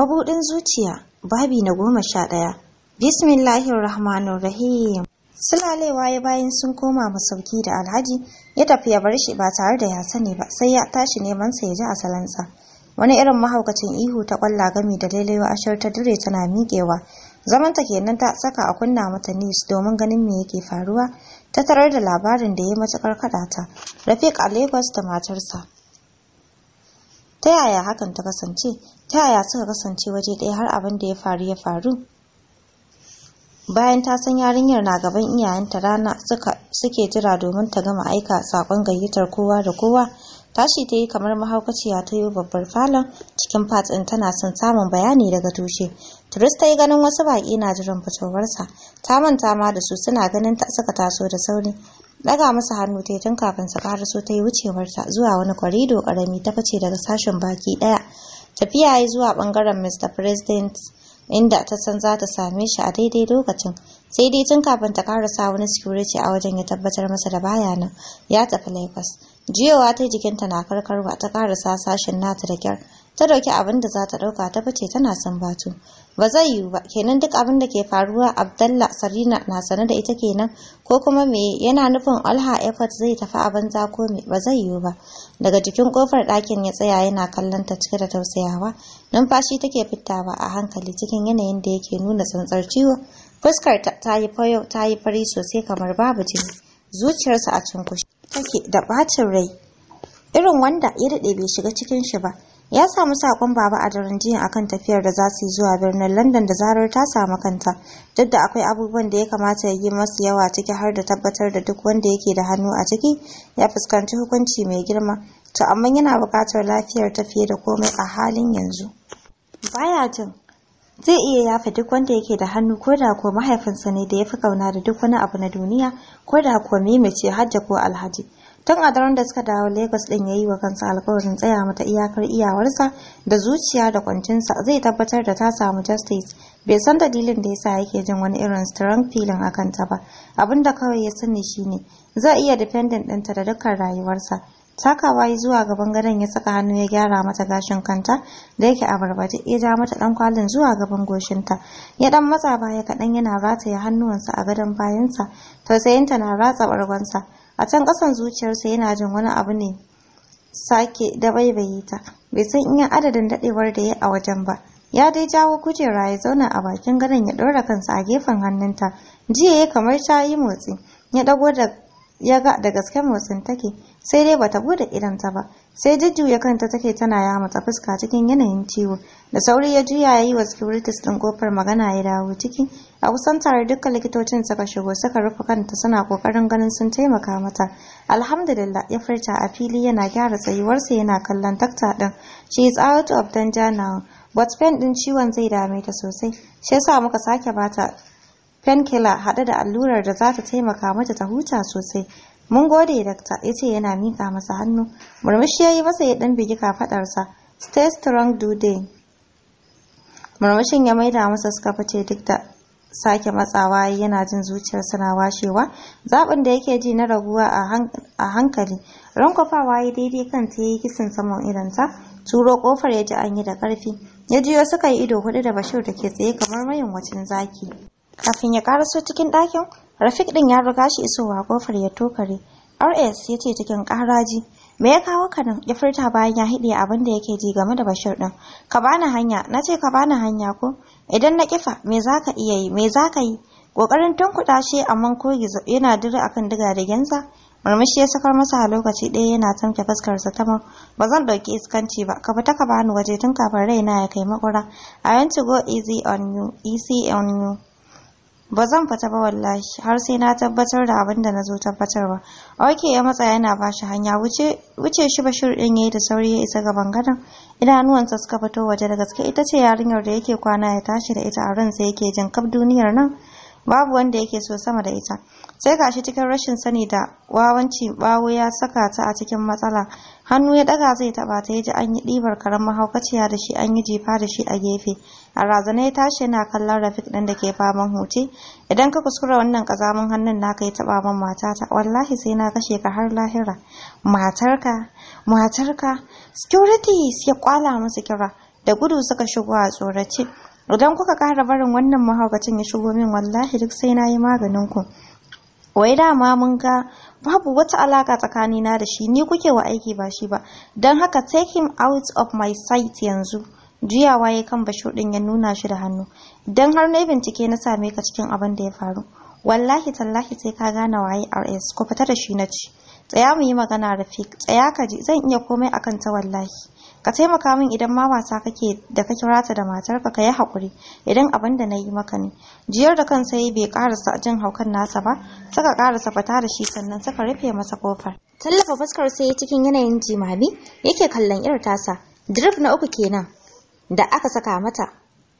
Mabuɗin zuciya, babi na goma sha ɗaya. Bismillahirrahmanirrahim. Sulalewa ya bayan sun koma masauki da alhaji ya tafi ya bar shi ba tare da ya sani ba sai ya tashi neman sa ya ji asalansa. Wani irin mahaukacin ihu ta kwalla gami da lailayo ashar ta dure tana miƙewa. Zamanta kenan ta saka a kunna mata nis domin ganin me yake faruwa ta tarar da labarin da ya matukar kaɗa ta. Rafiq a Lagos da matarsa. Ta yaya hakan ta kasance? ta yaya suka kasance waje ɗaya har abin da ya faru ya faru bayan ta san yarinyar na gaban iyayenta rana suke jira domin ta gama aika sakon gayyatar kowa da kowa tashi ta yi kamar mahaukaciya ta yi babbar falon cikin fatsin tana son samun bayani daga tushe turis ta yi ganin wasu baƙi na jiran fitowarsa ta manta ma da su suna ganin ta suka taso da sauri Ɗaga masa hannu ta yi tun kafin su karaso ta yi wucewarta zuwa wani kwarido ƙarami ta fice daga sashen baki ɗaya. Tafiya ya zuwa ɓangaren Mr. President inda ta san za ta same shi a daidai lokacin. Sai dai tun kafin ta karasa wani security a wajen ya tabbatar masa da bayanan ya tafi Lagos. jiyowa ta jikinta na karkarwa ta karasa sashen nata da kyar ta dauki abin da za ta dauka ta fice tana batu. ba zai yiwu ba kenan duk abin da ke faruwa abdalla sarina na sane da ita kenan ko kuma me yana nufin alha effort zai tafi a banza ko me ba zai yiwu ba daga jikin kofar ɗakin ya tsaya yana kallon ta cike da tausayawa numfashi take fitawa a hankali cikin yanayin da yake nuna tsantsar ciwo fuskar ta yi ta yi fari sosai kamar babu jini zuciyarsa a cunkushe take da ɓacin rai irin wanda ya daɗe bai shiga cikin shi ba ya samu sakon baba a daren jiya akan tafiyar da za su yi zuwa birnin london da zarar ta samu kanta duk da akwai abubuwan da ya kamata ya yi masu yawa ciki har da tabbatar da duk wanda yake da hannu a ciki ya fuskanci hukunci mai girma to amma yana buƙatar lafiyar ta fiye da komai a halin yanzu baya jin zai iya yafe duk wanda yake da hannu ko da kuwa mahaifinsa ne da ya fi kauna da duk wani abu na duniya ko da kuwa mimice hajja ko alhaji tun a daren da suka dawo lagos din ya yi wa kansa alkawarin tsaya mata iyakar iyawarsa da zuciya da kwancinsa zai tabbatar da ta samu justice bai san dalilin da yasa yake jin wani irin strong feeling akan ta ba abinda kawai ya sani shine zai iya dependent ɗinta da dukkan rayuwarsa takawa yi zuwa gaban gadon ya saka hannu ya gyara mata gashin kanta da yake a barbaje ya ja mata dan kwalin zuwa gaban goshinta ya dan matsa baya kaɗan yana rataya hannuwansa a gadon bayansa tausayinta na ratsa bargonsa a can ƙasan zuciyarsa yana jin wani abu ne sake da baibaye ta bai san iya adadin daɗewar da ya a wajen ba ya dai jawo kujera ya zauna a bakin gadon ya ɗora kansa a gefen hannunta jiya ya kamar ta yi motsi ya dago da ya ga da gaske motsin take sai dai bata bude ta ba sai jujjuya kanta take tana ya mata fuska cikin yanayin ciwo da sauri ya juya yayi wa securities din kofar magana ya dawo ciki a kusan tare dukkan likitocin suka shigo suka rufe kanta suna kokarin ganin sun taimaka mata alhamdulillah ya furta a fili yana gyara tsayuwarsa yana kallon takta din she is out of danger now but pain din ciwon zai dame ta sosai shi yasa muka sake bata fenkela haɗe da allurar da za ta taimaka mata ta huta sosai mun gode dakta ya ce yana mika masa hannu murmushi ya yi masa ya ɗan bigi kafaɗarsa stay strong do day murmushin ya maida masa suka fice duk da sake matsawa yana jin zuciyar suna washewa zaɓin da yake ji na raguwa a hankali rankwafawa ya daidai kan ta yi kisan saman idanta turo kofar ya ji an yi da ƙarfi ya jiyo suka yi ido hudu da bashir da ke tsaye kamar mayin wacin zaki kafin ya karaso cikin ɗakin rafik din ya riga shi isowa kofar ya tokare rs ya ce cikin ƙaraji me ya kawo ka nan ya furta bayan ya hiɗe abin da yake ji game da bashir din ka bani hanya na ce ka bani hanya ko idan na kifa me za ka iya yi me za ka yi ƙoƙarin tunkuɗa shi amma ko yana dire akan diga da gensa murmushi ya sakar masa a lokaci ɗaya yana tamke fuskarsa ta ba zan ɗauki iskanci ba ka fita ka bani waje tun kafin raina ya kai makura i want to go easy on you easy on you ba zan fita ba wallahi har sai na tabbatar da abin da na zo tabbatarwa oke ya matsa yana ba shi hanya wuce shi bashir din yayi da sauri ya isa gaban gadon idanuwansa suka fito waje da gaske ita ce yarinyar da yake kwana ya tashi da ita a ransa yake jin kaf duniyar nan babu wanda yake so sama da ita sai gashi cikin rashin sani da wawanci bawo ya saka ta a cikin matsala hannu ya daga zai taba ta yaji an yi ɗibar karen mahaukaciya da shi an yi jifa da shi a gefe a razana ya tashi yana kallon rafik ɗin da ke faman huce idan ka kuskura wannan kazamin hannun naka ya taba min matata wallahi sai na kashe ka har lahira matarka matarka securities ya kwala musu kira da gudu suka shigo a tsorace idan kuka kara barin wannan mahaukacin ya shigo min wallahi duk sai na yi maganin ku wai dama mun ga babu wata alaka tsakanina da shi ni kuke wa aiki ba shi ba don haka take him out of my sight yanzu jiyawa ya kan bashu din ya nuna shi da hannu Don har na bincike na same ka cikin abin da ya faru wallahi tallahi sai ka gane waye rs ku fita da shi na ci tsaya mu yi magana rafik tsaya ka ji zan iya komai akan ta wallahi ka taimaka min idan ma wasa kake da ka kira da matarka ka yi haƙuri idan abin da nayi maka ne jiyar da kansa yi bai karasa jin haukan nasa ba suka karasa fata da shi sannan suka rufe masa kofar tallafa fuskar sai cikin yanayin jimami yake kallon irin tasa drip na uku kenan da aka saka mata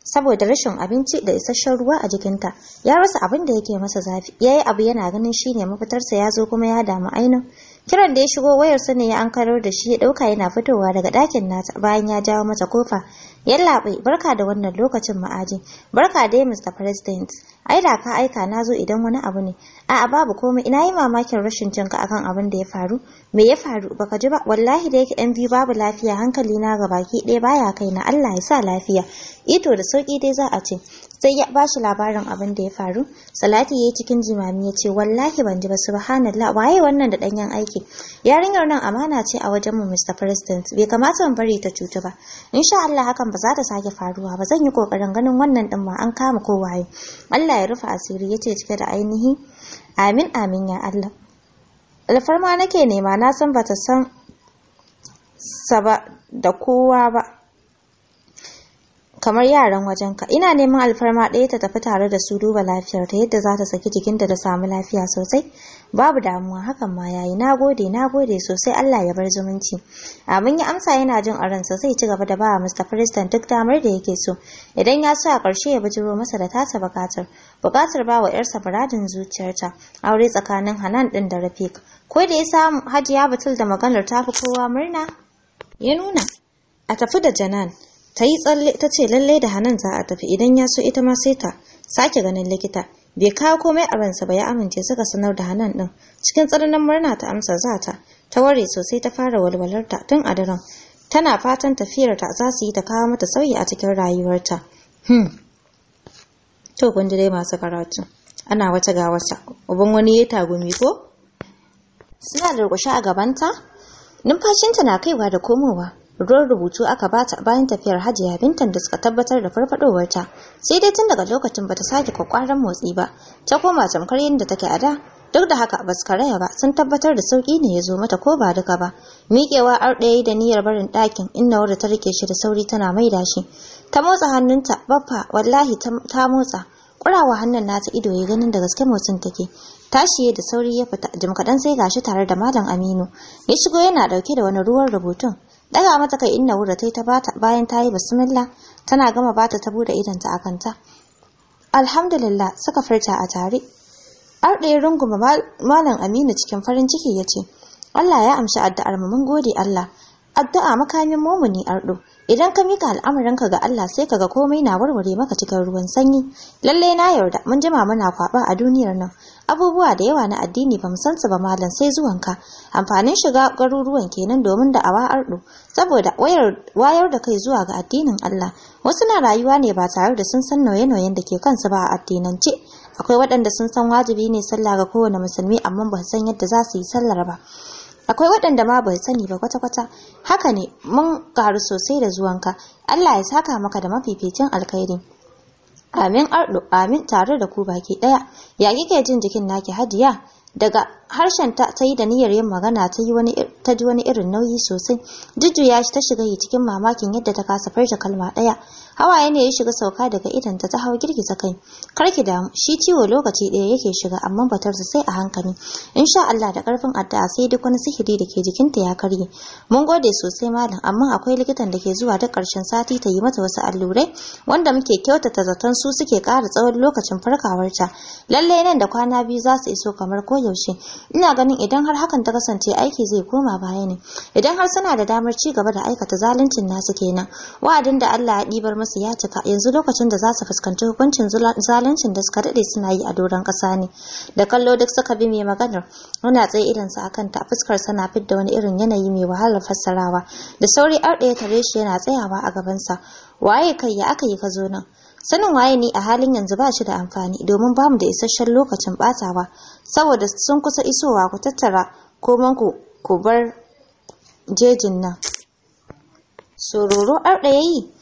saboda rashin abinci da isasshen ruwa a jikinta ya rasa abin da yake masa zafi ya yi abu yana ganin shine mafitarsa ya zo kuma ya damu ainihin kiran da ya shigo wayar sa ne ya ankaro da shi ya ɗauka yana fitowa daga ɗakin nata bayan ya jawo mata kofa yallaɓe barka da wannan lokacin ma'aji barka dai mr president ai da ka aika na zo idan wani abu ne a'a babu komai ina yi mamakin rashin jinka akan abin da ya faru me ya faru baka ji ba wallahi da yake yan biyu babu lafiya hankali na ga baki ɗaya baya kai na Allah ya sa lafiya ito da sauki dai za a ce sai ya bashi labarin abin da ya faru salati yayi cikin jimami ya ce wallahi ban ji ba subhanallah waye wannan da danyen aiki yarinyar nan amana ce a wajen mu Mr President bai kamata mu bari ta cuta ba insha Allah hakan ba za ta sake faruwa ba zan yi kokarin ganin wannan din ma an kama ko waye. Allah ya rufe asiri yace cike da ainihi amin amin ya Allah alfarma nake nema na san bata san saba da kowa ba kamar yaran wajenka ina neman alfarma ɗaya ta tafi tare da su duba lafiyar ta yadda za ta saki jikin da ta samu lafiya sosai babu damuwa hakan ma yayi nagode nagode sosai Allah ya bar zumunci abin ya amsa yana jin a ransa zai ci gaba da ba Mr. Preston duk damar da yake so idan ya so a ƙarshe ya bijiro masa da tasa bukatar bukatar ba wa yarsa buradin zuciyarta aure tsakanin Hanan din da Rafiq ko da ya samu Hajiya Batul da maganar tafi kowa murna ya nuna a tafi da Janan ta yi tsalle ta ce lallai da hanan za a tafi idan ya so ita ma sai ta sake ganin likita bai kawo komai a ransa ba ya amince suka sanar da hanan din cikin tsananin murna ta amsa za ta ta ware sosai ta fara walwalarta tun a daren tana fatan tafiyarta za su yi ta kawo mata sauyi a cikin rayuwarta hmm. to kun dai masu karatu ana wata ga wata uban wani ya tagumi ko suna durƙushe a gabanta numfashinta na kaiwa da komowa ruwan rubutu aka bata bayan tafiyar hajiya bintan da suka tabbatar da farfadowarta sai dai tun daga lokacin bata sake kwakwaran motsi ba ta koma tamkar yadda take a da duk da haka ba su karaya ba sun tabbatar da sauki ne ya zo mata ko ba duka ba miƙewa ar ɗaya da niyyar barin ɗakin inna wadda ta rike shi da sauri tana maida shi ta motsa hannunta baffa wallahi ta motsa kurawa hannun nata ido ya ganin da gaske motsin take tashi da sauri ya fita jim kaɗan sai gashi tare da malam aminu ya shigo yana ɗauke da wani ruwan rubutun daga mata kai inna wura tai ta bata bayan ta yi bismillah tana gama bata ta bude idanta a kanta alhamdulillah suka furta a tare arɗaya runguma malam aminu cikin farin ciki ya ce allah ya amshi addu'ar mu mun gode allah addu'a makamin ne arɗo idan ka mika al'amuranka ga Allah sai kaga komai na warware maka cikin ruwan sanyi Lallai na yarda mun jima muna kwaɓa a duniyar nan abubuwa da yawa na addini ba san su ba malam sai zuwanka amfanin shiga garuruwan kenan domin da awa ardo saboda wayar wayar da kai zuwa ga addinin Allah wasu na rayuwa ne ba tare da sun san noye-noyen da ke kansu ba a addinance akwai waɗanda sun san wajibi ne sallah ga kowane musulmi amma ba san yadda za su yi sallar ba akwai waɗanda ma bai sani ba kwata-kwata haka ne mun karu sosai da zuwanka Allah ya saka maka da mafificin alkhairi Amin ardo, amin tare da ku baki ɗaya. Ya kike jin jikin naki Hadiya? Daga harshen ta ta da niyyar yin magana ta yi wani ta ji wani irin nauyi sosai. Jujjuya shi ta shiga yi cikin mamakin yadda ta kasa farta kalma ɗaya. hawaye ne ya shiga sauka daga idon ta ta hau girgiza kai karki damu shi ciwo lokaci ɗaya yake shiga amma batarsa sai a hankali insha Allah da ƙarfin addu'a sai duk wani sihiri da ke jikinta ya karye mun gode sosai malam amma akwai likitan da ke zuwa duk ƙarshen sati ta yi mata wasu allurai wanda muke kyautata zaton su suke ƙara tsawon lokacin farkawarta lalle nan da kwana biyu za su iso kamar koyaushe ina ganin idan har hakan ta kasance aiki zai koma baya ne idan har suna da damar ci gaba da aikata zaluncin nasu kenan wa'adin da Allah ya ɗibar su ya cika yanzu lokacin da za su fuskanci hukuncin zaluncin da suka dade suna yi a doron kasa ne da kallo duk suka bi mai magana. muna tsaye sa a kanta fuskar sana da wani irin yanayi mai wahalar fassarawa da sauri arɗe ya tare shi yana tsayawa a gaban sa waye kai ya aka yi ka zo nan sanin waye ni a halin yanzu ba shi da amfani domin bamu da isasshen lokacin batawa saboda sun kusa isowa ku tattara koman ku bar jejin nan sororo arɗa yayi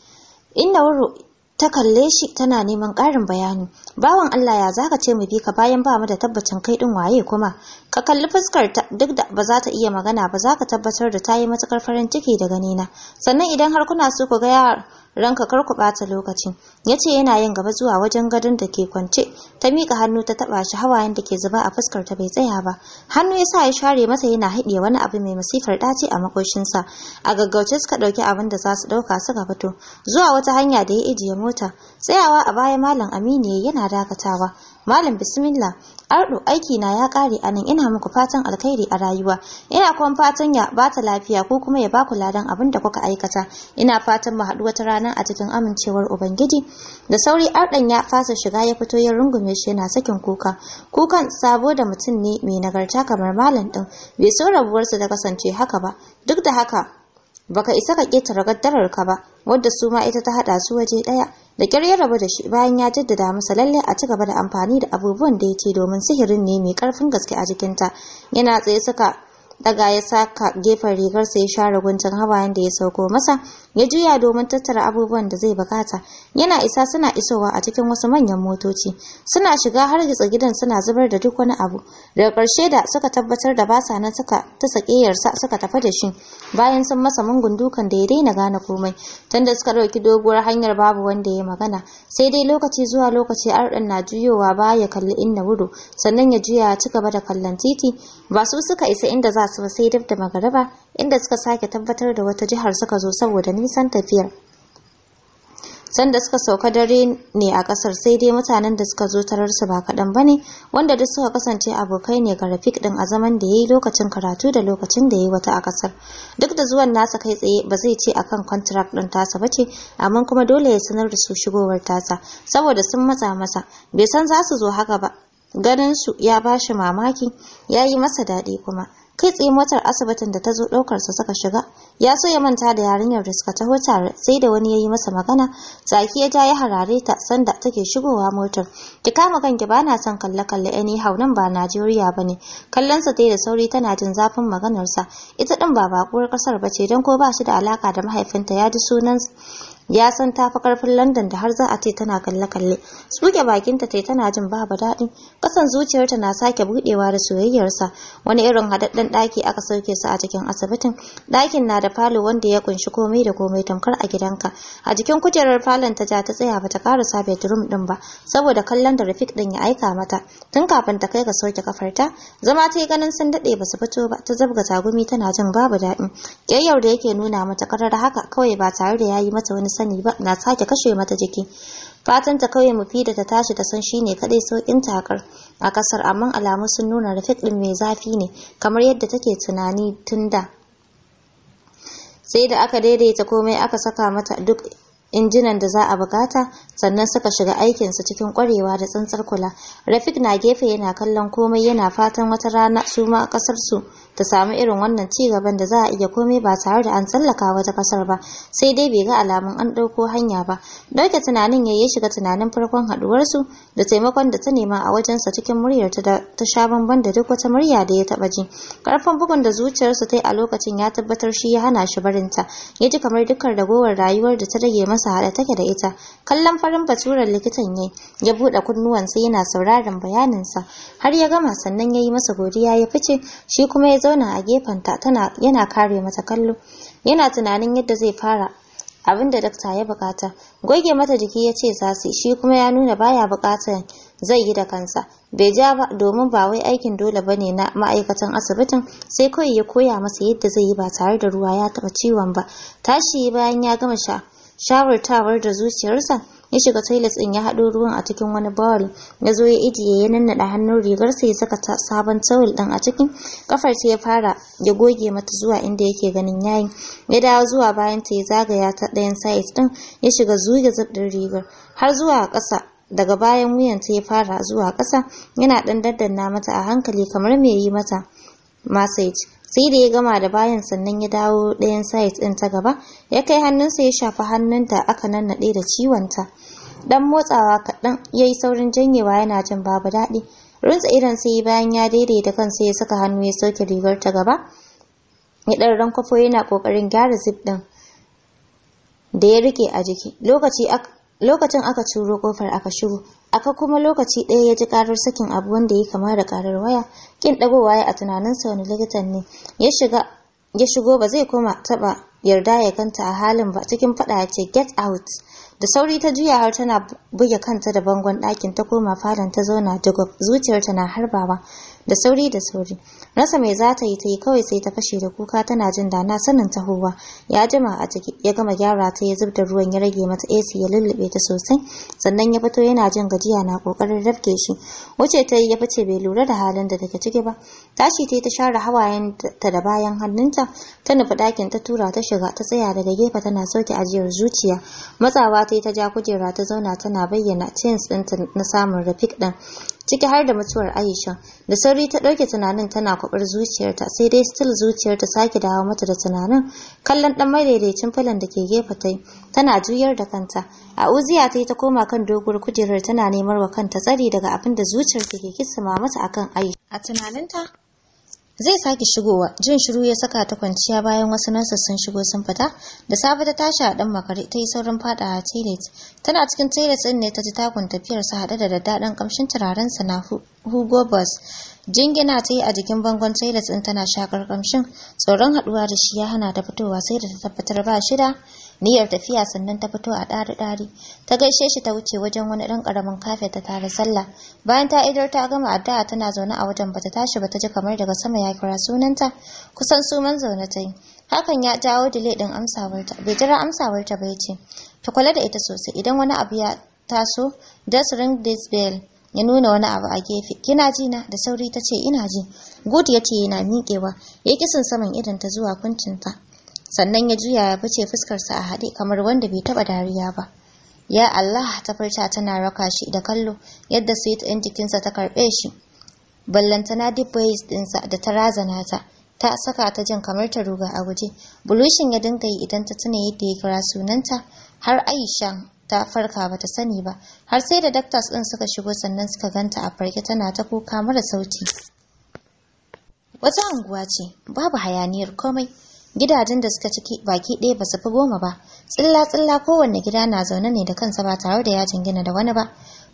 inda wuri ta kalle shi tana neman ƙarin bayani bawan Allah ya zaka ce mu bi ka bayan ba mu da tabbacin kai din waye kuma ka kalli fuskar ta duk da ba za ta iya magana ba zaka tabbatar da ta yi matukar farin ciki da ganina sannan idan har kuna so ku ga ranka kar ku bata lokaci yace yana yin gaba zuwa wajen gadon da ke kwance ta mika hannu ta taba shi hawayen da ke zuba a fuskar ta bai tsaya ba hannu ya sa ya share mata yana haɗiye wani abu mai masifar ɗaci a makoshinsa a gaggauce suka ɗauki abin da za su ɗauka suka fito zuwa wata hanya da ya ijiye mota tsayawa a baya malam aminu yana dakatawa malam bismillah Ardo aiki na ya kare anan ina muku fatan alkhairi a rayuwa. Ina kuma fatan ya bata lafiya ko kuma ya baku ladan abin da kuka aikata. Ina fatan mu haɗu wata rana a cikin amincewar Ubangiji. Da sauri Ardan ya fasa shiga ya fito ya rungume shi yana sakin kuka. Kukan sabo da mutum ne mai nagarta kamar malam din. Bai so rabuwarsa ta kasance haka ba. Duk da haka baka isa ka ƙetare gaddarar ka ba wadda su ma ita ta haɗa su waje daya da ƙyar ya rabu da shi bayan ya jaddada masa lalle a ci gaba da amfani da abubuwan da ya ce domin sihirin ne mai karfin gaske a jikin ta yana tsaye suka daga ya saka gefen rigarsa ya share guntun hawayen da ya sauko masa ya juya domin tattara abubuwan da zai bukata yana isa suna isowa a cikin wasu manyan motoci suna shiga har gitsa gidan suna zubar da duk wani abu daga karshe da suka tabbatar da basa nan suka ta sakeyarsa suka tafi da shi bayan sun masa mungun dukan da ya daina gane komai tunda suka ɗauki doguwar hanyar babu wanda ya magana sai dai lokaci zuwa lokaci arɗin na juyowa ba ya kalli inna gudu. sannan ya juya ya ci gaba da kallon titi ba su suka isa inda za su ba sai dab da magaraba inda suka sake tabbatar da wata jihar suka zo saboda nisa nisan tafiyar sanda suka sauka dare ne a kasar sai dai mutanen da suka zo tarar su ba kaɗan bane wanda duk suka kasance abokai ne ga Rafik din a zaman da yayi lokacin karatu da lokacin da yayi wata a kasar duk da zuwan nasa kai tsaye ba zai ce akan contract din tasa ba bace amma kuma dole ya sanar da su shigowar tasa saboda sun matsa masa bai san za su zo haka ba ganin su ya bashi mamaki yayi masa daɗi kuma kai tsaye motar asibitin da ta zo ɗaukar sa suka shiga ya so ya manta da yarinyar da suka taho tare sai da wani ya yi masa magana zaki ya ja ya harare ta sanda take shigowa motar ki kama kanki ba na son kalle kalle hau nan ba Najeriya bane kallon sa dai da sauri tana jin zafin maganar sa ita din ba bakuwar kasar bace don ko ba shi da alaka da mahaifinta ya ji sunan ya san tafi karfin london da har za a ce tana kalle-kalle bakin bakinta tai tana jin babu daɗi ƙasan zuciyarta na sake buɗewa da soyayyarsa wani irin hadaddan ɗaki aka sauke su a cikin asibitin dakin na da falo wanda ya kunshi komai da komai tamkar a gidanka a jikin kujerar falon ta ja ta tsaya bata sabe bedroom din ba saboda kallon da rafik din ya aika mata tun kafin ta kai ga sauke kafarta zama ta yi ganin sun dade ba su fito ba ta zabga tagumi tana jin babu daɗi ƙyayyar da yake nuna mata karar haka kawai ba tare da ya yi mata wani sani ba na sake kashe mata jiki fatan ta kauye da ta tashi ta san shine kadai saukin takar a kasar amma alamu sun nuna rafiq din mai zafi ne kamar yadda take tunani tunda sai da aka daidaita komai aka saka mata duk injinan da za a bukata sannan suka shiga aikin su cikin kwarewa da tsantsar kula rafik na gefe yana kallon komai yana fatan wata rana su ma su. ta samu irin wannan ci gaban da za a iya komai ba tare da an tsallaka wata kasar ba sai dai bai ga alamun an ɗauko hanya ba dauke tunanin yayi shiga tunanin farkon haɗuwarsu da taimakon da ta nema a wajen sa cikin muryar ta ta sha bamban da duk wata murya da ya taɓa ji karfin bugun da zuciyarsa ta yi a lokacin ya tabbatar shi ya hana shi barinta ya ji kamar dukkan ragowar rayuwar da ta rage masa haɗa take da ita kallon farin baturar likitan yayi ya buɗe kunnuwansa yana sauraron bayaninsa har ya gama sannan ya yi masa godiya ya fice shi kuma ya zauna a gefenta tana yana kare mata kallo yana tunanin yadda zai fara abin da dakta ya bukata goge mata jiki ya ce za shi kuma ya nuna baya bukatar zai yi da kansa bai ja ba domin ba wai aikin dole ba ne na ma'aikatan asibitin sai kawai ya koya masa yadda zai yi ba tare da ruwa ya taɓa ciwon ba tashi bayan ya gama sha shawartawar da zuciyarsa ya shiga toilet din ya hado ruwan a cikin wani bowl ya zo ya ijiye ya nannaɗa hannun rigar sai ya saka sabon tawul din a cikin kafar ta ya fara ya goge mata zuwa inda yake ganin yayi ya dawo zuwa bayan ta ya zagaya ta dayan side din ya shiga zuwa zubdin rigar har zuwa ƙasa daga bayan ta ya fara zuwa ƙasa yana ɗan daddanna mata a hankali kamar mai yi mata message sai da ya gama da bayan sannan ya dawo ɗayan site ɗin ta gaba ya kai hannunsa ya shafi hannunta aka nannaɗe da ciwon ta. Ɗan motsawa kaɗan ya yi saurin janyewa yana jin babu daɗi runtsa idan sai bayan ya daidaita kansa ya saka hannu ya sauke rigar ta gaba ya ɗan rankwafo yana ƙoƙarin gyara zip ɗin da ya rike a jiki lokacin aka turo kofar aka shigo aka kuma lokaci ɗaya ya ji karar sakin abu wanda ya kama da karar waya ƙin ɗagowa ya a tunaninsa wani likitan ne ya shigo ba zai koma taɓa yarda ya kanta a halin ba cikin fada ya ce get out da sauri ta juya har tana buge kanta da bangon ɗakin ta koma falon ta zauna jagwab zuciyarta na harbawa da sauri da sauri rasa mai za ta yi ta yi kawai sai ta fashe da kuka tana jin da na sanin tahowa ya jima a ciki ya gama gyara ta ya zubda ruwan ya rage mata AC ya lullube ta sosai sannan ya fito yana jin gajiya na kokarin rafke shi wuce ta yi ya fice bai lura da halin da take ciki ba tashi ta yi ta share hawayen ta da bayan hannunta ta nufi ɗakin ta tura ta shiga ta tsaya daga gefe tana sauke ajiyar zuciya matsawa ta yi ta ja kujera ta zauna tana bayyana chins ɗinta na samun rafik ɗin ciki har da mutuwar Aisha da sauri ta dauke tunanin tana kwabar zuciyarta sai dai still zuciyarta sake dawo mata da tunanin kallon dan maidaidaicin falon da ke gefe tai tana juyar da kanta a uziya tai ta koma kan doguwar kujerar tana nemar wa kanta tsari daga abin da zuciyarta ke kissama mata akan Aisha a tunaninta zai sake shigowa jin shiru ya saka ta kwanciya bayan wasu nurses sun shigo sun fita da safe ta tashi a dan makare ta yi saurin fada a toilet tana cikin toilet din ne ta ji takun tafiyar sa hade da daddadan kamshin turaren sa na Hugo Boss jingina ta yi a jikin bangon toilet din tana shakar kamshin tsoron haduwa da shi ya hana ta fitowa sai da ta tabbatar ba shida niyyar tafiya sannan ta fito a ɗari-ɗari ta gaishe shi ta wuce wajen wani ɗan ƙaramin kafe ta tare sallah bayan ta idar ta gama addu'a tana zaune a wajen bata tashi bata ji kamar daga sama ya kira sunanta kusan suman zaune ta yi hakan ya jawo dile ɗin amsawarta bai jira amsawarta ba ya ce ta kula da ita sosai idan wani abu ya taso just ring this bell ya nuna wani abu a gefe kina ji na da sauri ta ce ina ji good ya ce yana miƙewa ya kisan saman idan ta zuwa kuncinta sannan ya juya ya fice fuskarsa a haɗe kamar wanda bai taɓa dariya ba ya Allah ta furta tana raka shi da kallo yadda sweet ɗin jikinsa ta karɓe shi ballantana deep waist ɗinsa da ta razana ta ta saka ta jin kamar ta ruga a guje bulushin ya dinga yi idan ta tuna yadda ya kira sunanta har aisha ta farka ba ta sani ba har sai da doctors ɗin suka shigo sannan suka ganta a farke tana ta kuka mara sauti wata anguwa ce babu hayaniyar komai gidajen da suka ciki baki ɗaya ba su fi goma ba tsilla tsilla kowanne gida na zaune ne da kansa ba tare da yajin gina da wani ba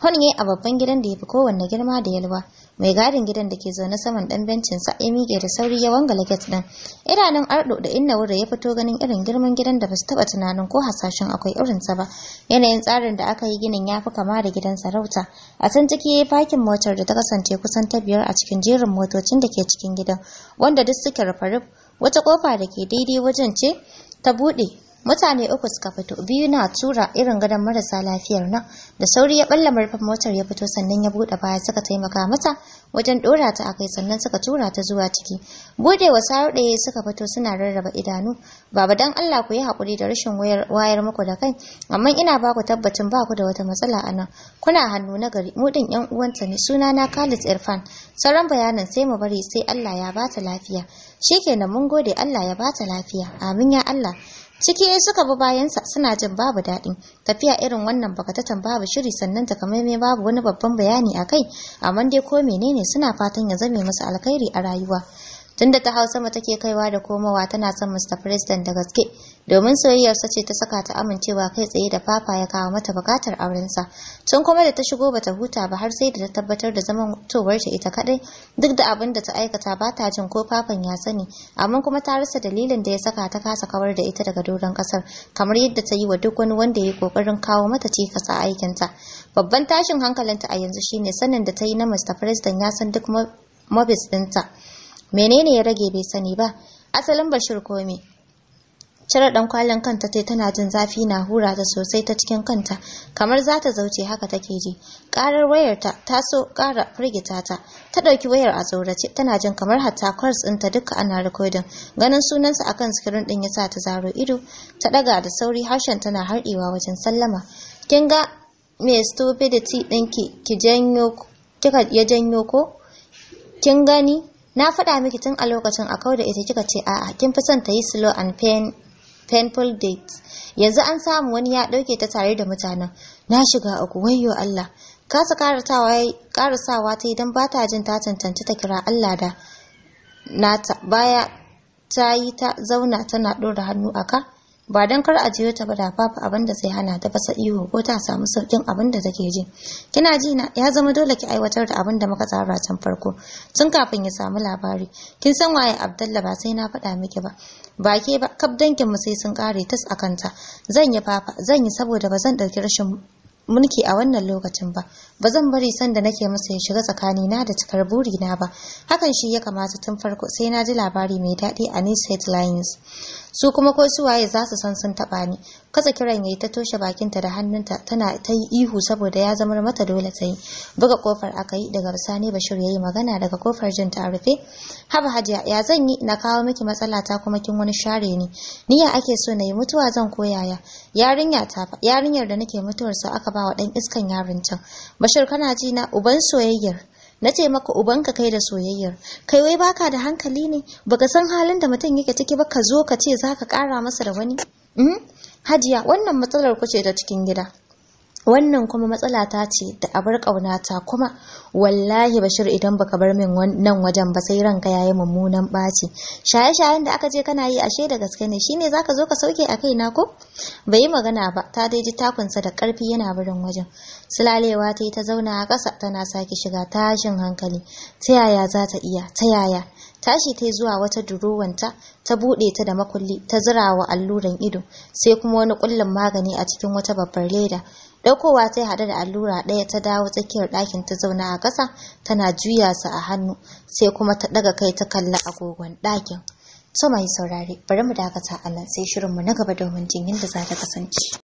Honye a babban gidan da ya fi kowanne girma da yalwa mai gadin gidan da ke zaune saman dan bencin sa ya miƙe da sauri ya wangala gate din idanun ardo da inna wurin ya fito ganin irin girman gidan da basu taba tunanin ko hasashen akwai irin sa ba yanayin tsarin da aka yi ginin ya fi kama da gidan sarauta a can ciki yayi fakin motar da ta kasance kusan ta biyar a cikin jerin motocin da ke cikin gidan wanda duk suke rufe wata ƙofa da ke daidai wajen ce ta buɗe mutane uku suka fito biyu na tura irin gadon marasa lafiyar nan da sauri ya balla murfin motar ya fito sannan ya bude baya suka taimaka mata wajen dora ta akai sannan suka tura ta zuwa ciki bude wa sarɗe suka fito suna rarraba idanu baba dan Allah ku yi hakuri da rashin wayar wayar muku da kai amma ina ba ku tabbacin ba ku da wata matsala a nan kuna hannu na gari mu din yan uwanta ne suna na Khalid Irfan sauran bayanan sai mu bari sai Allah ya ba ta lafiya shikenan mun gode Allah ya ba ta lafiya amin ya Allah ciki suka bi bayansa suna jin babu daɗi. tafiya irin wannan ta babu shiri sannan takamaiman babu wani babban bayani a kai amma dai ko menene suna fatan ya zame musu alkhairi a rayuwa tunda ta hausa sama take kaiwa da komowa tana son Mr. President da gaske domin soyayyarsa ce ta saka ta amincewa kai tsaye da Papa ya kawo mata bukatar aurensa. Tun kuma da ta shigo bata huta ba har sai da ta tabbatar da zaman ta ita kadai duk da abin da ta aikata ba ta jin ko Papan ya sani, amma kuma ta rasa dalilin da ya saka ta kasa kawar da ita daga doron kasar kamar yadda ta yi wa duk wani wanda ya yi kokarin kawo mata cikas a aikinta. Babban tashin hankalinta a yanzu shine sanin da ta yi na Mr. President ya san duk mobis dinta. Menene ya rage bai sani ba? Asalin Bashir Komi Cire kwalin kanta tai tana jin zafi na hura ta sosai ta cikin kanta, kamar za ta zauce haka take ji. Karar wayarta ta so kara firgita ta. Ta ɗauki wayar a tsorace tana jin kamar hatta din ta duka ana rikodin. Ganin sunansa akan sikirin ɗin yasa ta zaro ido, ta ɗaga da sauri harshen tana harɗewa wajen sallama. Kin ga me stupidity dinki, ki janyo kika ya janyo ko? Kin gani? Na faɗa miki tun a lokacin a kauda ita kika ce a'a kin fi son ta yi slow and pain painful dates yanzu an samu wani ya ɗauke ta tare da mutanen na shiga uku wayyo Allah kasa karasawa ta idan ba ta jin ta tantance ta kira Allah da nata baya ta yi ta zauna tana ɗora hannu a ka ba don kar a jiyo ta ba da fafa abin da zai hana ta fasa ihu ko ta samu saukin abin da take ji kina ji na ya zama dole ki aiwatar da abin da muka tsara tun farko tun kafin ya samu labari kin san waye abdalla ba sai na faɗa miki ba ba ke ba kab dangin mu sai sun kare tas a kanta zan yi fafa zan yi saboda ba zan ɗauki rashin mulki a wannan lokacin ba ba zan bari sanda nake masa ya shiga tsakani na da cikar burina ba hakan shi ya kamata tun farko sai na ji labari mai daɗi a news headlines su kuma ko suwaye za su san sun taɓa ni katsa kiran yayi ta toshe bakinta da hannunta tana ta yi ihu saboda ya zamar mata dole ta yi buga kofar aka yi daga bisani bashir yi magana daga kofar jin ta rufe haba hajiya ya zan yi na kawo miki matsala ta kuma kin wani share ni ya ake so na yi mutuwa zan koyaya yarinya ta yarinyar da nake mutuwar sa aka ba wa dan iskan yarin Bashir kana ji na uban soyayyar. Na ce maka ubanka kai da soyayyar. Kai wai baka da hankali ne, baka san halin da mutum yake ciki ba ka zo ka ce za ka ƙara masa da wani? Hmm? Hajiya, wannan matsalar ku ce ta cikin gida. wannan kuma matsala ta ce da abar ƙaunata kuma wallahi bashir idan baka bar min nan wajen ba sai ranka yayi mummunan ɓaci shaye-shayen da aka je kana yi ashe da gaske ne shine zaka zo ka sauke a kaina ko bai yi magana ba ta dai ji takunsa da ƙarfi yana barin wajen sulalewa ta yi ta zauna a ƙasa tana sake shiga tashin hankali ta yaya za ta iya ta yaya tashi ta zuwa wata durowanta ta buɗe ta da makulli ta zirawa alluran ido sai kuma wani ƙullin magani a cikin wata babbar leda Daukowa ta yi haɗu da allura ɗaya ta dawo tsakiyar ɗakin ta zauna a ƙasa tana juya su a hannu sai kuma ta ɗaga kai ta kalla agogon ɗakin. To mai saurare bari mu dakata a nan sai shirinmu na gaba domin jin yadda za ta kasance.